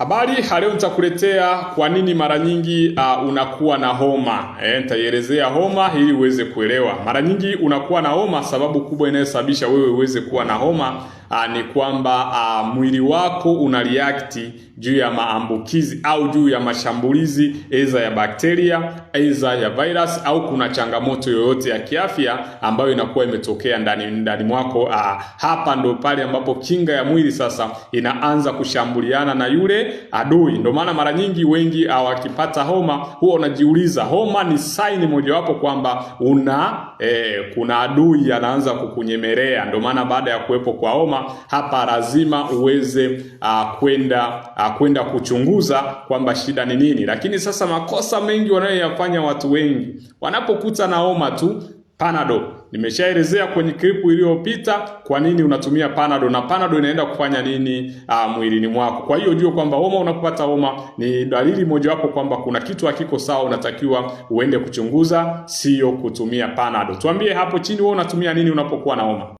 Habari leo nitakuletea kwa nini mara nyingi uh, unakuwa na homa. Eh, nitaielezea homa ili uweze kuelewa. Mara nyingi unakuwa na homa, sababu kubwa inayosababisha wewe uweze kuwa na homa uh, ni kwamba uh, mwili wako una react juu ya maambukizi au juu ya mashambulizi aidha ya bakteria aidha ya virus au kuna changamoto yoyote ya kiafya ambayo inakuwa imetokea ndani ndani mwako. Uh, hapa ndo pale ambapo kinga ya mwili sasa inaanza kushambuliana na yule adui. Ndio maana mara nyingi wengi wakipata homa huwa unajiuliza homa ni saini mojawapo kwamba una eh, kuna adui anaanza kukunyemelea. Ndio maana baada ya kuwepo kwa homa hapa lazima uweze uh, kwenda uh, kwenda kuchunguza kwamba shida ni nini. Lakini sasa makosa mengi wanayoyafanya watu wengi wanapokuta na homa tu panado Nimeshaelezea kwenye klipu iliyopita kwa nini unatumia panado na panado inaenda kufanya nini uh, mwilini mwako. Kwa hiyo jua kwamba homa, unapopata homa ni dalili mojawapo kwamba kuna kitu hakiko sawa, unatakiwa uende kuchunguza, sio kutumia panado. Tuambie hapo chini wewe unatumia nini unapokuwa na homa.